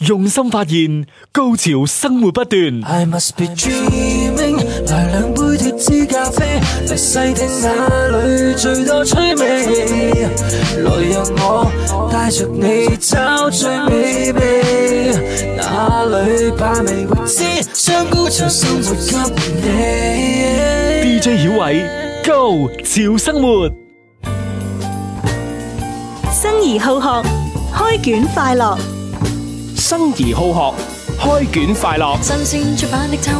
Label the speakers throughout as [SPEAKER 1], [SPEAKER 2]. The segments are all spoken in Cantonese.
[SPEAKER 1] 用心發現，高潮生活不斷。I must be dreaming，來兩杯脫脂咖啡，嚟細聽哪裏最多趣味。來讓我帶着你找最美味，哪裏把味未知，將高潮生活給你。DJ 曉偉，Go 潮生活，生而好學，開卷快樂。生而好學，開卷快樂。新鮮出版的秋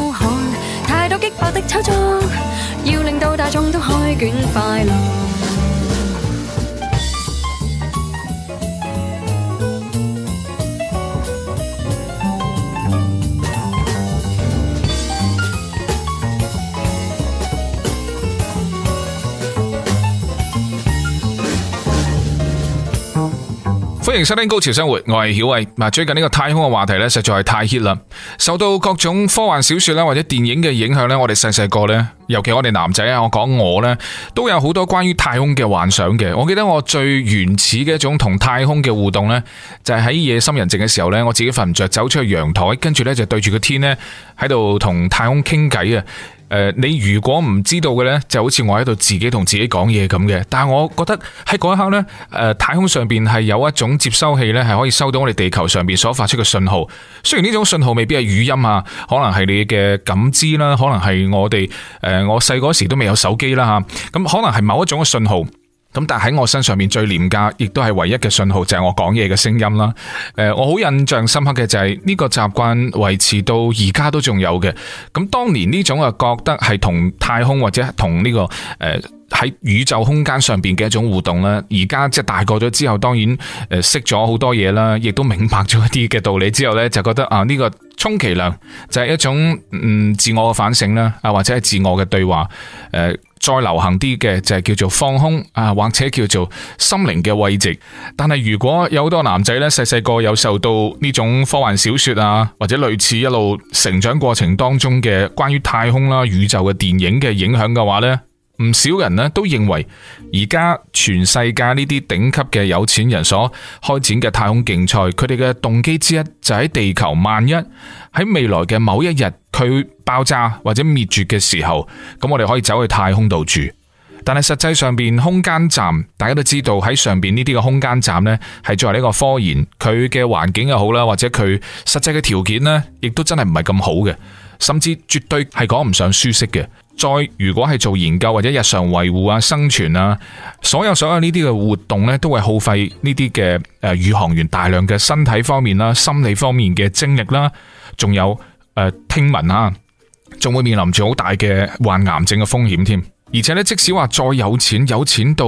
[SPEAKER 1] 歡迎收聽《高潮生活》，我係曉慧。嗱，最近呢個太空嘅話題呢，實在係太 hit 啦。受到各種科幻小說咧或者電影嘅影響呢，我哋細細個呢，尤其我哋男仔啊，我講我呢，都有好多關於太空嘅幻想嘅。我記得我最原始嘅一種同太空嘅互動呢，就係喺夜深人靜嘅時候呢，我自己瞓唔着，走出去陽台，跟住呢，就對住個天呢，喺度同太空傾偈啊！誒、呃，你如果唔知道嘅呢，就好似我喺度自己同自己講嘢咁嘅。但係我覺得喺嗰一刻呢，誒、呃，太空上邊係有一種接收器呢，係可以收到我哋地球上邊所發出嘅信號。雖然呢種信號未必係語音，呃、啊，可能係你嘅感知啦，可能係我哋誒，我細個時都未有手機啦吓，咁可能係某一種嘅信號。咁但係喺我身上面最廉價，亦都係唯一嘅信號就係、是、我講嘢嘅聲音啦。誒、呃，我好印象深刻嘅就係、是、呢、這個習慣維持到而家都仲有嘅。咁當年呢種啊覺得係同太空或者同呢、這個誒喺、呃、宇宙空間上邊嘅一種互動啦。而家即係大個咗之後，當然誒、呃、識咗好多嘢啦，亦都明白咗一啲嘅道理之後呢，就覺得啊呢、這個充其量就係、是、一種嗯自我嘅反省啦，啊或者係自我嘅對話誒。呃再流行啲嘅就係叫做放空啊，或者叫做心靈嘅慰藉。但係如果有好多男仔呢，細細個有受到呢種科幻小說啊，或者類似一路成長過程當中嘅關於太空啦、啊、宇宙嘅電影嘅影響嘅話呢。唔少人呢，都認為，而家全世界呢啲頂級嘅有錢人所開展嘅太空競賽，佢哋嘅動機之一就喺地球萬一喺未來嘅某一日佢爆炸或者滅絕嘅時候，咁我哋可以走去太空度住。但係實際上邊空間站，大家都知道喺上邊呢啲嘅空間站呢，係作為呢個科研，佢嘅環境又好啦，或者佢實際嘅條件呢，亦都真係唔係咁好嘅，甚至絕對係講唔上舒適嘅。再如果係做研究或者日常維護啊、生存啊，所有所有呢啲嘅活動呢，都會耗費呢啲嘅誒宇航員大量嘅身體方面啦、心理方面嘅精力啦，仲有誒、呃、聽聞啊，仲會面臨住好大嘅患癌症嘅風險添。而且呢，即使話再有錢，有錢到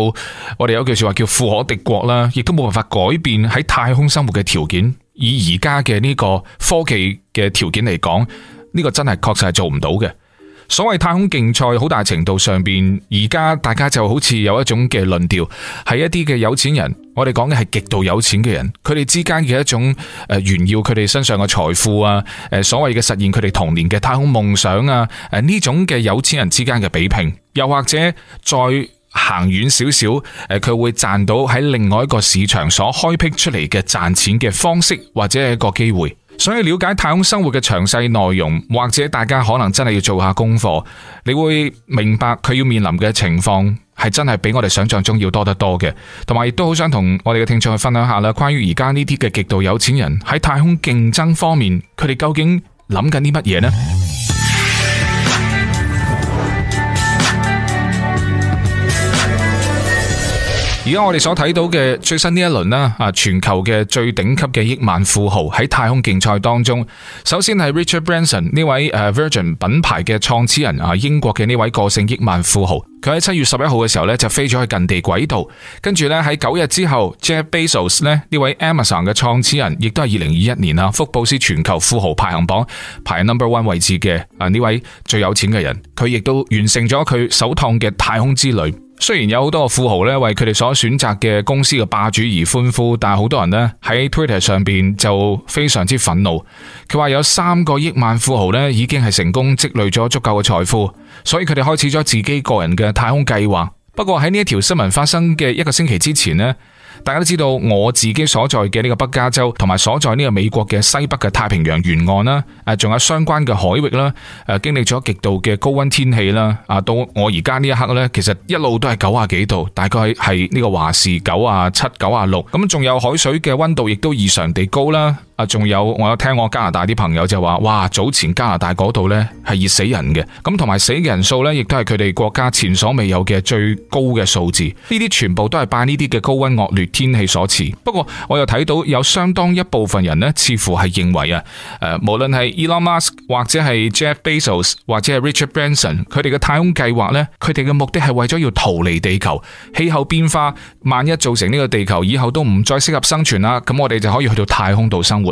[SPEAKER 1] 我哋有句說話叫富可敵國啦，亦都冇辦法改變喺太空生活嘅條件。以而家嘅呢個科技嘅條件嚟講，呢個真係確實係做唔到嘅。所謂太空競賽，好大程度上邊，而家大家就好似有一種嘅論調，係一啲嘅有錢人，我哋講嘅係極度有錢嘅人，佢哋之間嘅一種誒炫耀佢哋身上嘅財富啊，誒所謂嘅實現佢哋童年嘅太空夢想啊，誒呢種嘅有錢人之間嘅比拼，又或者再行遠少少，誒佢會賺到喺另外一個市場所開闢出嚟嘅賺錢嘅方式或者係一個機會。所以了解太空生活嘅詳細內容，或者大家可能真係要做下功課，你會明白佢要面臨嘅情況係真係比我哋想象中要多得多嘅，同埋亦都好想同我哋嘅聽眾去分享下啦，關於而家呢啲嘅極度有錢人，喺太空競爭方面，佢哋究竟諗緊啲乜嘢呢？而家我哋所睇到嘅最新呢一輪啦，啊，全球嘅最頂級嘅億萬富豪喺太空競賽當中，首先係 Richard Branson 呢位，誒 Virgin 品牌嘅創始人啊，英國嘅呢位個性億萬富豪，佢喺七月十一號嘅時候呢就飛咗去近地軌道，跟住呢，喺九日之後，Jeff Bezos 呢呢位 Amazon 嘅創始人，亦都係二零二一年啊福布斯全球富豪排行榜排 number one 位置嘅啊呢位最有錢嘅人，佢亦都完成咗佢首趟嘅太空之旅。雖然有好多富豪咧為佢哋所選擇嘅公司嘅霸主而歡呼，但係好多人咧喺 Twitter 上邊就非常之憤怒。佢話有三個億萬富豪咧已經係成功積累咗足夠嘅財富，所以佢哋開始咗自己個人嘅太空計劃。不過喺呢一條新聞發生嘅一個星期之前咧。大家都知道我自己所在嘅呢個北加州，同埋所在呢個美國嘅西北嘅太平洋沿岸啦，誒，仲有相關嘅海域啦，誒，經歷咗極度嘅高溫天氣啦，啊，到我而家呢一刻呢，其實一路都係九啊幾度，大概係呢個華氏九啊七、九啊六，咁仲有海水嘅溫度亦都異常地高啦。啊，仲有我有聽我加拿大啲朋友就話，哇，早前加拿大嗰度呢係熱死人嘅，咁同埋死嘅人數呢，亦都係佢哋國家前所未有嘅最高嘅數字。呢啲全部都係拜呢啲嘅高溫惡劣天氣所賜。不過我又睇到有相當一部分人呢，似乎係認為啊，誒，無論係 Elon Musk 或者係 Jeff Bezos 或者係 Richard Branson，佢哋嘅太空計劃呢，佢哋嘅目的係為咗要逃離地球，氣候變化萬一造成呢個地球以後都唔再適合生存啦，咁我哋就可以去到太空度生活。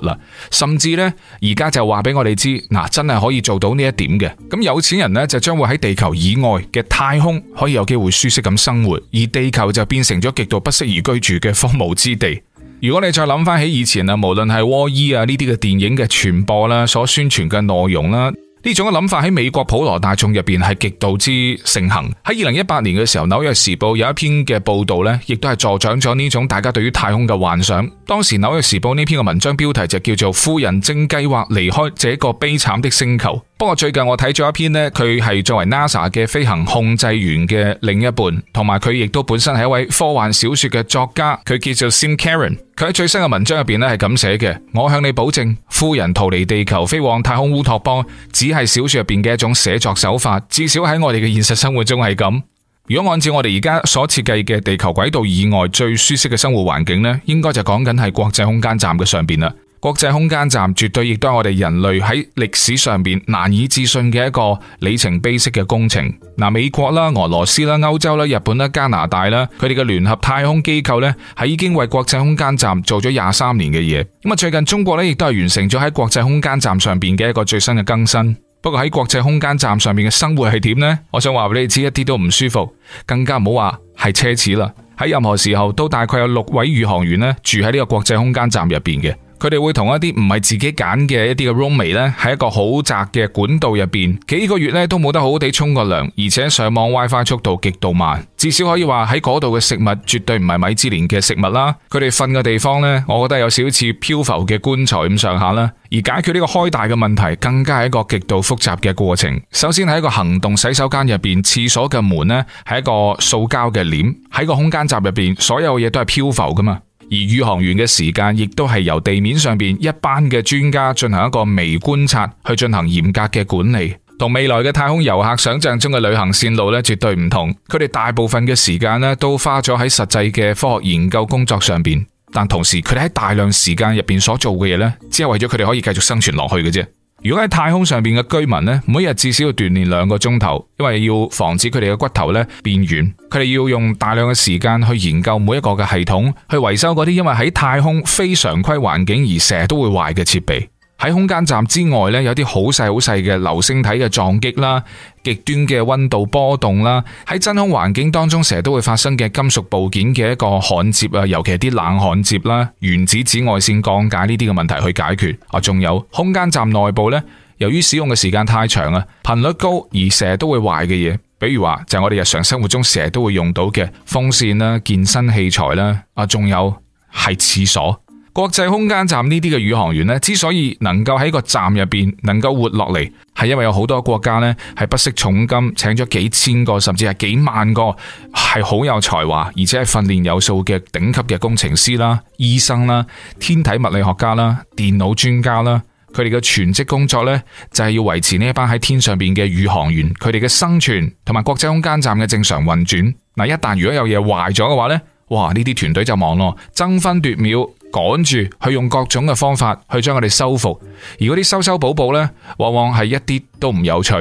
[SPEAKER 1] 甚至呢，而家就話俾我哋知，嗱，真係可以做到呢一點嘅。咁有錢人呢，就將會喺地球以外嘅太空可以有機會舒適咁生活，而地球就變成咗極度不適宜居住嘅荒蕪之地。如果你再諗翻起以前啊，無論係《WALL-E》啊呢啲嘅電影嘅傳播啦，所宣傳嘅內容啦。呢種嘅諗法喺美國普羅大眾入面係極度之盛行。喺二零一八年嘅時候，《紐約時報》有一篇嘅報道呢，亦都係助長咗呢種大家對於太空嘅幻想。當時《紐約時報》呢篇嘅文章標題就叫做《富人正計劃離開這個悲慘的星球》。不過最近我睇咗一篇呢，佢係作為 NASA 嘅飛行控制員嘅另一半，同埋佢亦都本身係一位科幻小說嘅作家，佢叫做 Sim Karen。佢喺最新嘅文章入邊咧，係咁寫嘅：我向你保證，富人逃離地球飛往太空烏托邦，只係小說入邊嘅一種寫作手法。至少喺我哋嘅現實生活中係咁。如果按照我哋而家所設計嘅地球軌道以外最舒適嘅生活環境呢，應該就講緊係國際空間站嘅上邊啦。國際空間站絕對亦都係我哋人類喺歷史上邊難以置信嘅一個里程碑式嘅工程。嗱，美國啦、俄羅斯啦、歐洲啦、日本啦、加拿大啦，佢哋嘅聯合太空機構呢，係已經為國際空間站做咗廿三年嘅嘢。咁啊，最近中國呢，亦都係完成咗喺國際空間站上邊嘅一個最新嘅更新。不過喺國際空間站上面嘅生活係點呢？我想話俾你知，一啲都唔舒服，更加唔好話係奢侈啦。喺任何時候都大概有六位宇航員呢，住喺呢個國際空間站入邊嘅。佢哋會同一啲唔係自己揀嘅一啲嘅 roommate 咧，喺一個好窄嘅管道入邊，幾個月咧都冇得好好地沖個涼，而且上網 WiFi 速度極度慢。至少可以話喺嗰度嘅食物絕對唔係米芝蓮嘅食物啦。佢哋瞓嘅地方咧，我覺得有少少似漂浮嘅棺材咁上下啦。而解決呢個開大嘅問題，更加係一個極度複雜嘅過程。首先喺一個行動洗手間入邊，廁所嘅門咧係一個塑膠嘅簾，喺個空間站入邊，所有嘢都係漂浮噶嘛。而宇航員嘅時間亦都係由地面上面一班嘅專家進行一個微觀察，去進行嚴格嘅管理。同未來嘅太空遊客想象中嘅旅行線路呢，絕對唔同。佢哋大部分嘅時間呢，都花咗喺實際嘅科學研究工作上面。但同時，佢哋喺大量時間入面所做嘅嘢呢，只係為咗佢哋可以繼續生存落去嘅啫。如果喺太空上面嘅居民呢，每日至少要鍛煉兩個鐘頭，因為要防止佢哋嘅骨頭呢變軟。佢哋要用大量嘅時間去研究每一個嘅系統，去維修嗰啲因為喺太空非常規環境而成日都會壞嘅設備。喺空間站之外呢，有啲好細好細嘅流星體嘅撞擊啦，極端嘅溫度波動啦，喺真空環境當中成日都會發生嘅金屬部件嘅一個焊接啊，尤其係啲冷焊接啦，原子紫外線降解呢啲嘅問題去解決啊。仲有空間站內部呢，由於使用嘅時間太長啊，頻率高而成日都會壞嘅嘢，比如話就係、是、我哋日常生活中成日都會用到嘅風扇啦、健身器材啦啊，仲有係廁所。國際空間站呢啲嘅宇航員呢，之所以能夠喺個站入邊能夠活落嚟，係因為有好多國家呢，係不惜重金，請咗幾千個甚至係幾萬個係好有才華，而且係訓練有素嘅頂級嘅工程師啦、醫生啦、天體物理學家啦、電腦專家啦，佢哋嘅全職工作呢，就係要維持呢一班喺天上邊嘅宇航員佢哋嘅生存同埋國際空間站嘅正常運轉。嗱，一旦如果有嘢壞咗嘅話呢，哇！呢啲團隊就忙咯，爭分奪秒。趕住去用各種嘅方法去將佢哋修復，而嗰啲修修補補呢，往往係一啲都唔有趣。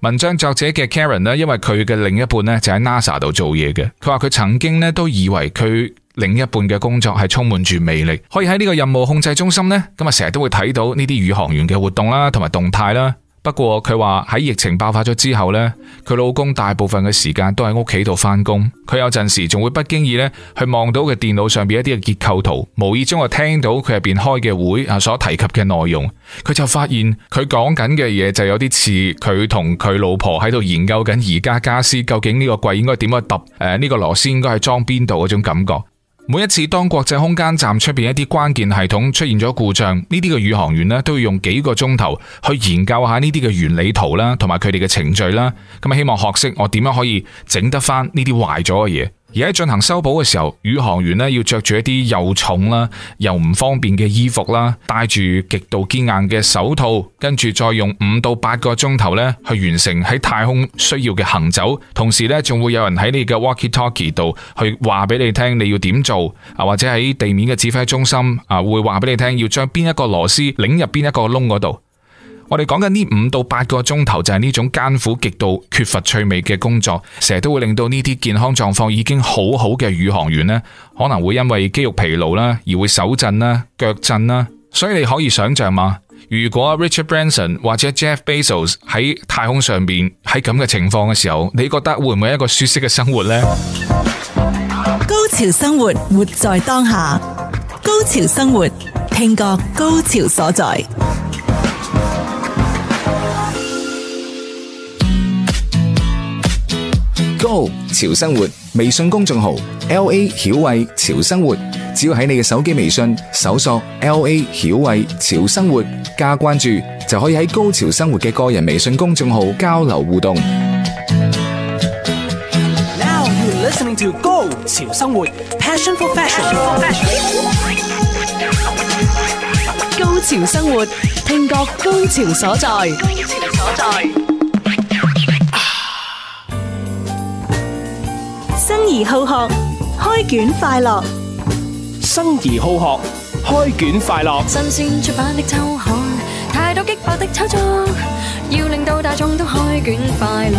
[SPEAKER 1] 文章作者嘅 Karen 呢，因為佢嘅另一半呢，就喺 NASA 度做嘢嘅，佢話佢曾經呢都以為佢另一半嘅工作係充滿住魅力，可以喺呢個任務控制中心呢，咁啊成日都會睇到呢啲宇航員嘅活動啦，同埋動態啦。不過佢話喺疫情爆發咗之後呢，佢老公大部分嘅時間都喺屋企度返工，佢有陣時仲會不經意呢去望到佢電腦上邊一啲嘅結構圖，無意中啊聽到佢入邊開嘅會啊所提及嘅內容，佢就發現佢講緊嘅嘢就有啲似佢同佢老婆喺度研究緊宜家家私究竟呢個櫃應該點樣揼，誒呢個螺絲應該係裝邊度嗰種感覺。每一次當國際空間站出邊一啲關鍵系統出現咗故障，呢啲嘅宇航員咧都要用幾個鐘頭去研究下呢啲嘅原理圖啦，同埋佢哋嘅程序啦，咁啊希望學識我點樣可以整得翻呢啲壞咗嘅嘢。而喺進行修補嘅時候，宇航員呢要着住一啲又重啦、又唔方便嘅衣服啦，戴住極度堅硬嘅手套，跟住再用五到八個鐘頭呢去完成喺太空需要嘅行走，同時呢，仲會有人喺你嘅 walkie-talkie 度去話俾你聽你要點做，啊或者喺地面嘅指揮中心啊會話俾你聽要將邊一個螺絲擰入邊一個窿嗰度。我哋講緊呢五到八個鐘頭就係呢種艱苦、極度缺乏趣味嘅工作，成日都會令到呢啲健康狀況已經好好嘅宇航員呢，可能會因為肌肉疲勞啦而會手震啦、腳震啦。所以你可以想象嘛，如果 Richard Branson 或者 Jeff Bezos 喺太空上面，喺咁嘅情況嘅時候，你覺得會唔會一個舒適嘅生活呢？高潮生活，活在當下。高潮生活，聽覺高潮所在。高潮生活微信公眾號 L A 曉慧潮生活，只要喺你嘅手機微信搜索 L A 曉慧潮生活加關注，就可以喺高潮生活嘅個人微信公眾號交流互動。Now you listening to 高潮生活，passion for fashion。for 高潮生活，聽覺高潮所在。高潮所在好學，開卷快樂。生而好學，開卷快樂。新鮮出版的週刊，太多激發的炒作，要令到大眾都開卷快樂。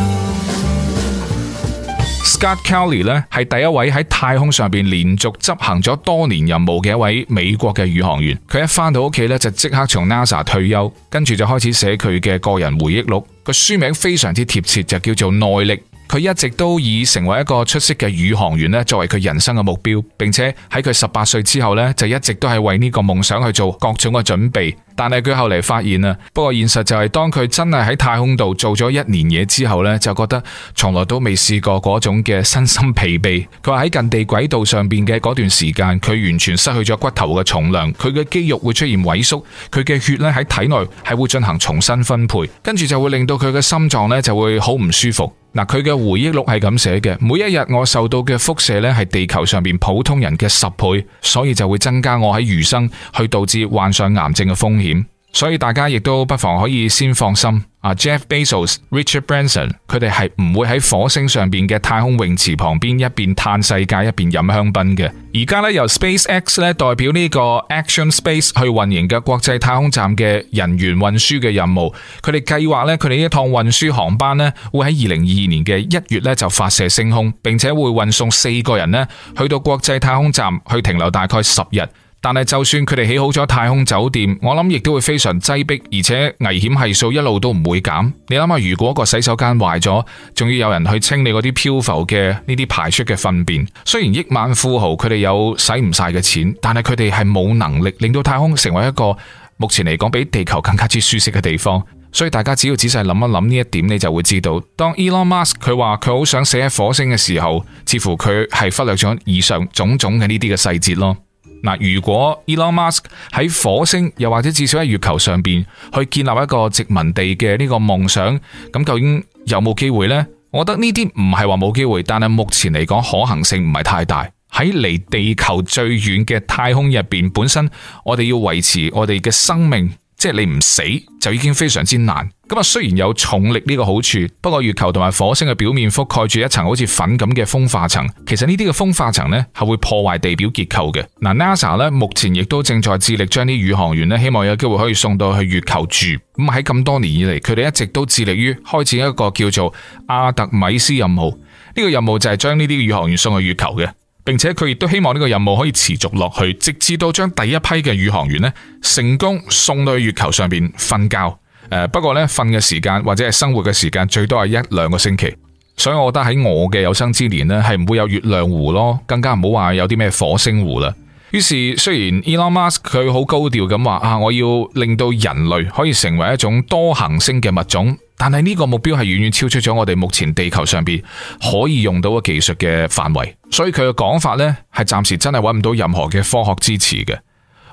[SPEAKER 1] Scott Kelly 呢係第一位喺太空上邊連續執行咗多年任務嘅一位美國嘅宇航員。佢一返到屋企呢就即刻從 NASA 退休，跟住就開始寫佢嘅個人回憶錄。個書名非常之貼切，就叫做耐力。佢一直都以成為一個出色嘅宇航員呢作為佢人生嘅目標，並且喺佢十八歲之後呢，就一直都係為呢個夢想去做各種嘅準備。但係佢後嚟發現啊，不過現實就係、是、當佢真係喺太空度做咗一年嘢之後呢，就覺得從來都未試過嗰種嘅身心疲憊。佢話喺近地軌道上邊嘅嗰段時間，佢完全失去咗骨頭嘅重量，佢嘅肌肉會出現萎縮，佢嘅血呢喺體內係會進行重新分配，跟住就會令到佢嘅心臟呢就會好唔舒服。嗱，佢嘅回憶錄係咁寫嘅，每一日我受到嘅輻射咧，係地球上邊普通人嘅十倍，所以就會增加我喺餘生去導致患上癌症嘅風險。所以大家亦都不妨可以先放心。啊，Jeff Bezos、Richard Branson，佢哋係唔會喺火星上面嘅太空泳池旁邊，一邊嘆世界一邊飲香檳嘅。而家咧由 SpaceX 咧代表呢個 Action Space 去運營嘅國際太空站嘅人員運輸嘅任務，佢哋計劃咧佢哋呢一趟運輸航班咧會喺二零二二年嘅一月咧就發射升空，並且會運送四個人咧去到國際太空站去停留大概十日。但係，就算佢哋起好咗太空酒店，我諗亦都會非常擠迫，而且危險係數一路都唔會減。你諗下，如果個洗手間壞咗，仲要有人去清理嗰啲漂浮嘅呢啲排出嘅糞便。雖然億萬富豪佢哋有使唔晒嘅錢，但係佢哋係冇能力令到太空成為一個目前嚟講比地球更加之舒適嘅地方。所以大家只要仔細諗一諗呢一點，你就會知道，當 Elon Musk 佢話佢好想死喺火星嘅時候，似乎佢係忽略咗以上種種嘅呢啲嘅細節咯。嗱，如果 Elon Musk 喺火星又或者至少喺月球上邊去建立一個殖民地嘅呢個夢想，咁究竟有冇機會呢？我覺得呢啲唔係話冇機會，但係目前嚟講可行性唔係太大。喺離地球最遠嘅太空入邊，本身我哋要維持我哋嘅生命。即係你唔死就已經非常之難，咁啊，雖然有重力呢個好處，不過月球同埋火星嘅表面覆蓋住一層好似粉咁嘅風化層，其實呢啲嘅風化層呢，係會破壞地表結構嘅。嗱，NASA 呢，目前亦都正在致力將啲宇航員呢，希望有機會可以送到去月球住。咁喺咁多年以嚟，佢哋一直都致力於開展一個叫做阿特米斯任務，呢個任務就係將呢啲宇航員送去月球嘅。並且佢亦都希望呢個任務可以持續落去，直至到將第一批嘅宇航員呢，成功送到去月球上邊瞓覺。誒、呃，不過呢，瞓嘅時間或者係生活嘅時間最多係一兩個星期，所以我覺得喺我嘅有生之年呢，係唔會有月亮湖咯，更加唔好話有啲咩火星湖啦。於是雖然 Elon Musk 佢好高調咁話啊，我要令到人類可以成為一種多行星嘅物種。但係呢個目標係遠遠超出咗我哋目前地球上邊可以用到嘅技術嘅範圍，所以佢嘅講法呢係暫時真係揾唔到任何嘅科學支持嘅。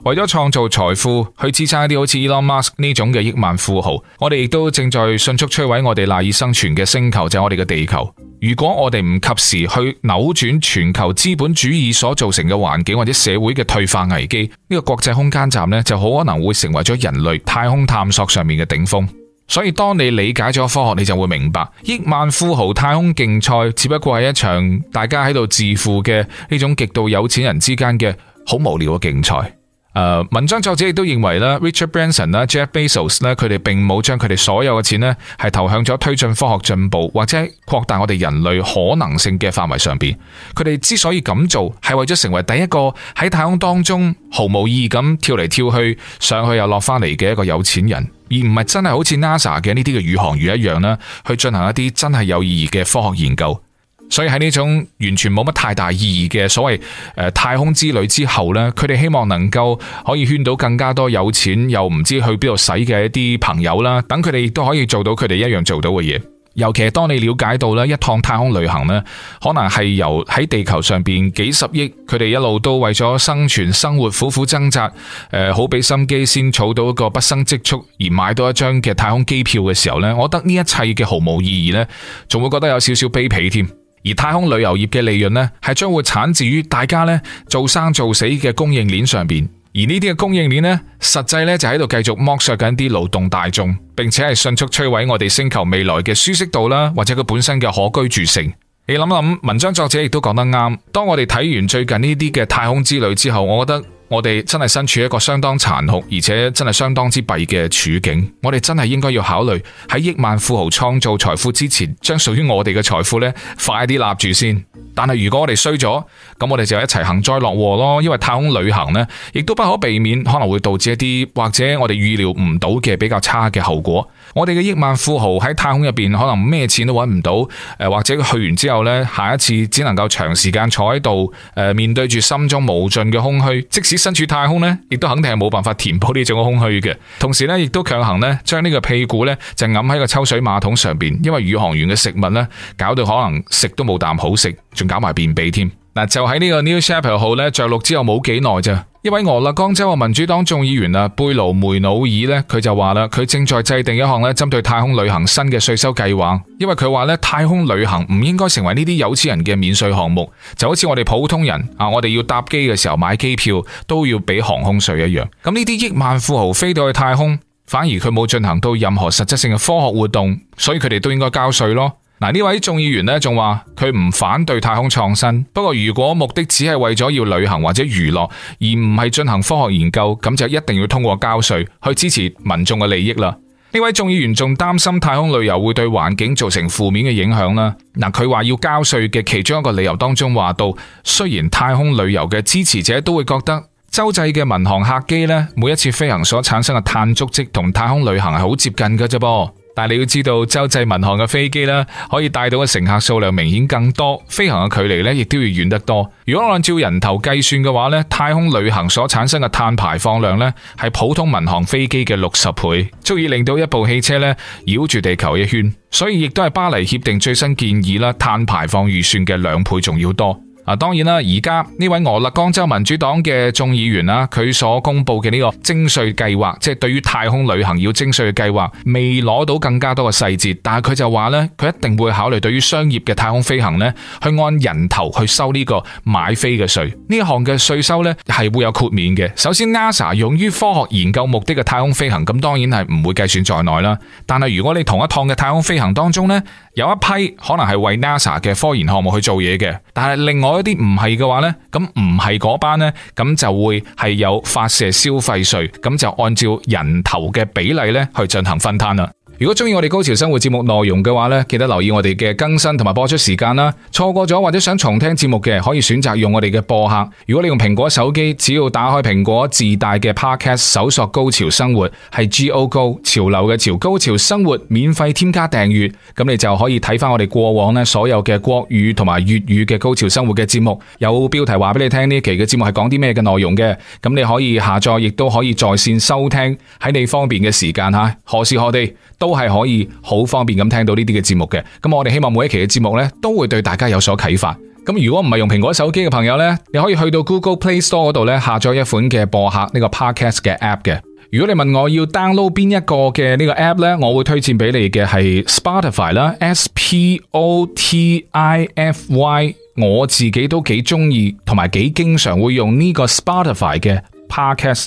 [SPEAKER 1] 為咗創造財富去支撐一啲好似 Elon Musk 呢種嘅億萬富豪，我哋亦都正在迅速摧毀我哋賴以生存嘅星球，就係、是、我哋嘅地球。如果我哋唔及時去扭轉全球資本主義所造成嘅環境或者社會嘅退化危機，呢、這個國際空間站呢就好可能會成為咗人類太空探索上面嘅頂峰。所以當你理解咗科學，你就會明白億萬富豪太空競賽只不過係一場大家喺度自負嘅呢種極度有錢人之間嘅好無聊嘅競賽。誒、uh，文章作者亦都認為 Richard Branson、啊、Jeff Bezos 啊、佢哋並冇將佢哋所有嘅錢咧係投向咗推進科學進步或者擴大我哋人類可能性嘅範圍上邊。佢哋之所以咁做，係為咗成為第一個喺太空當中毫無意義咁跳嚟跳去上去又落返嚟嘅一個有錢人。而唔係真係好似 NASA 嘅呢啲嘅宇航員一樣啦，去進行一啲真係有意義嘅科學研究。所以喺呢種完全冇乜太大意義嘅所謂誒太空之旅之後呢，佢哋希望能夠可以圈到更加多有錢又唔知去邊度使嘅一啲朋友啦，等佢哋亦都可以做到佢哋一樣做到嘅嘢。尤其係當你了解到咧一趟太空旅行呢，可能係由喺地球上邊幾十億，佢哋一路都為咗生存生活苦苦掙扎，誒、呃，好俾心機先儲到一個不生積蓄而買到一張嘅太空機票嘅時候呢，我覺得呢一切嘅毫無意義呢，仲會覺得有少少卑鄙添。而太空旅遊業嘅利潤呢，係將會產自於大家呢，做生做死嘅供應鏈上邊。而呢啲嘅供應鏈咧，實際咧就喺度繼續剝削緊啲勞動大眾，並且係迅速摧毀我哋星球未來嘅舒適度啦，或者佢本身嘅可居住性。你諗諗，文章作者亦都講得啱。當我哋睇完最近呢啲嘅太空之旅之後，我覺得。我哋真係身處一個相當殘酷，而且真係相當之弊嘅處境。我哋真係應該要考慮喺億萬富豪創造財富之前，將屬於我哋嘅財富呢快啲立住先。但係如果我哋衰咗，咁我哋就一齊幸災樂禍咯。因為太空旅行呢，亦都不可避免，可能會導致一啲或者我哋預料唔到嘅比較差嘅後果。我哋嘅億萬富豪喺太空入邊可能咩錢都揾唔到，誒或者去完之後呢，下一次只能夠長時間坐喺度，誒面對住心中無盡嘅空虛。即使身處太空呢，亦都肯定係冇辦法填補呢種嘅空虛嘅。同時呢，亦都強行咧將呢個屁股呢，就揞喺個抽水馬桶上邊，因為宇航員嘅食物呢，搞到可能食都冇啖好食，仲搞埋便秘添。嗱，就喺呢個 New Shepard 號咧着陸之後冇幾耐啫。一位俄勒岡州嘅民主黨眾議員啦，貝盧梅努爾呢，佢就話啦，佢正在制定一項呢針對太空旅行新嘅稅收計劃，因為佢話呢太空旅行唔應該成為呢啲有錢人嘅免稅項目，就好似我哋普通人啊，我哋要搭機嘅時候買機票都要俾航空稅一樣，咁呢啲億萬富豪飛到去太空，反而佢冇進行到任何實質性嘅科學活動，所以佢哋都應該交稅咯。嗱，呢位眾議員呢仲話佢唔反對太空創新，不過如果目的只係為咗要旅行或者娛樂，而唔係進行科學研究，咁就一定要通過交稅去支持民眾嘅利益啦。呢位眾議員仲擔心太空旅遊會對環境造成負面嘅影響啦。嗱，佢話要交稅嘅其中一個理由當中話到，雖然太空旅遊嘅支持者都會覺得，洲際嘅民航客機呢，每一次飛行所產生嘅碳足跡同太空旅行係好接近嘅啫噃。但係你要知道，洲際民航嘅飛機咧，可以帶到嘅乘客數量明顯更多，飛行嘅距離咧，亦都要遠得多。如果按照人頭計算嘅話咧，太空旅行所產生嘅碳排放量咧，係普通民航飛機嘅六十倍，足以令到一部汽車咧繞住地球一圈。所以亦都係巴黎協定最新建議啦，碳排放預算嘅兩倍仲要多。啊，當然啦，而家呢位俄勒岡州民主黨嘅眾議員啦，佢所公布嘅呢個徵稅計劃，即係對於太空旅行要徵稅嘅計劃，未攞到更加多嘅細節，但係佢就話呢，佢一定會考慮對於商業嘅太空飛行呢，去按人頭去收呢個買飛嘅稅。呢一項嘅稅收呢，係會有豁免嘅。首先，NASA 用於科學研究目的嘅太空飛行，咁當然係唔會計算在內啦。但係如果你同一趟嘅太空飛行當中呢，有一批可能係為 NASA 嘅科研項目去做嘢嘅，但係另外。嗰一啲唔係嘅話咧，咁唔係嗰班呢，咁就會係有發射消費稅，咁就按照人頭嘅比例呢去進行分攤啦。如果中意我哋高潮生活節目內容嘅話呢，記得留意我哋嘅更新同埋播出時間啦。錯過咗或者想重聽節目嘅，可以選擇用我哋嘅播客。如果你用蘋果手機，只要打開蘋果自帶嘅 Podcast，搜索“高潮生活”，係 G O Go 潮流嘅潮，高潮生活，免費添加訂閱，咁你就可以睇翻我哋過往呢所有嘅國語同埋粵語嘅高潮生活嘅節目，有標題話俾你聽呢期嘅節目係講啲咩嘅內容嘅。咁你可以下載，亦都可以在線收聽，喺你方便嘅時間吓，何時何地。都係可以好方便咁聽到呢啲嘅節目嘅，咁我哋希望每一期嘅節目呢，都會對大家有所啟發。咁如果唔係用蘋果手機嘅朋友呢，你可以去到 Google Play Store 度呢，下載一款嘅播客呢個 Podcast 嘅 App 嘅。如果你問我要 download 邊一個嘅呢個 App 呢，我會推薦俾你嘅係 Spotify 啦，S P O T I F Y，我自己都幾中意同埋幾經常會用呢個 Spotify 嘅 Podcast。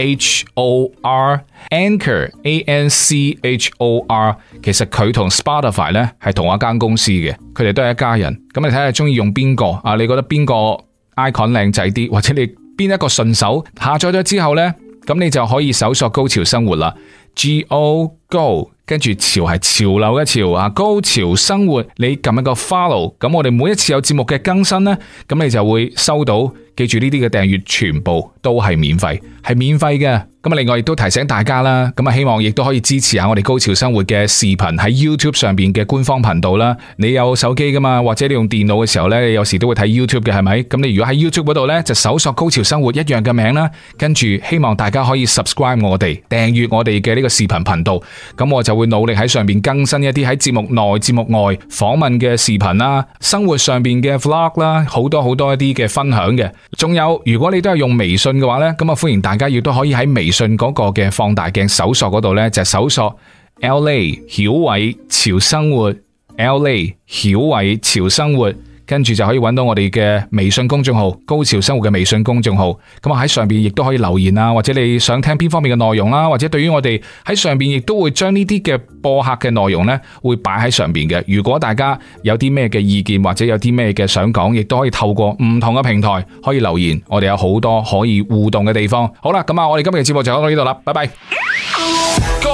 [SPEAKER 1] H O R Anchor A N C H O R，其實佢同 Spotify 咧係同一間公司嘅，佢哋都係一家人。咁你睇下中意用邊個啊？你覺得邊個 icon 靚仔啲，或者你邊一個順手下載咗之後呢？咁你就可以搜索高潮生活啦。G O Go，跟住潮係潮流嘅潮啊，高潮生活。你撳一個 Follow，咁我哋每一次有節目嘅更新呢，咁你就會收到。記住呢啲嘅訂閱全部都係免費，係免費嘅。咁啊，另外亦都提醒大家啦，咁啊，希望亦都可以支持下我哋高潮生活嘅視頻喺 YouTube 上邊嘅官方頻道啦。你有手機㗎嘛？或者你用電腦嘅時候呢，你有時都會睇 YouTube 嘅，係咪？咁你如果喺 YouTube 度呢，就搜索高潮生活一樣嘅名啦。跟住，希望大家可以 subscribe 我哋訂閱我哋嘅呢個視頻頻道。咁我就會努力喺上邊更新一啲喺節目內、節目外訪問嘅視頻啦，生活上邊嘅 Vlog 啦，好多好多一啲嘅分享嘅。仲有，如果你都係用微信嘅話咧，咁啊歡迎大家亦都可以喺微信嗰個嘅放大鏡搜索嗰度咧，就係搜索 LA 曉偉潮生活，LA 曉偉潮生活。LA, 跟住就可以揾到我哋嘅微信公眾號《高潮生活》嘅微信公眾號，咁啊喺上邊亦都可以留言啊，或者你想聽邊方面嘅內容啦，或者對於我哋喺上邊亦都會將呢啲嘅播客嘅內容咧，會擺喺上邊嘅。如果大家有啲咩嘅意見或者有啲咩嘅想講，亦都可以透過唔同嘅平台可以留言。我哋有好多可以互動嘅地方。好啦，咁啊，我哋今日嘅節目就講到呢度啦，拜拜。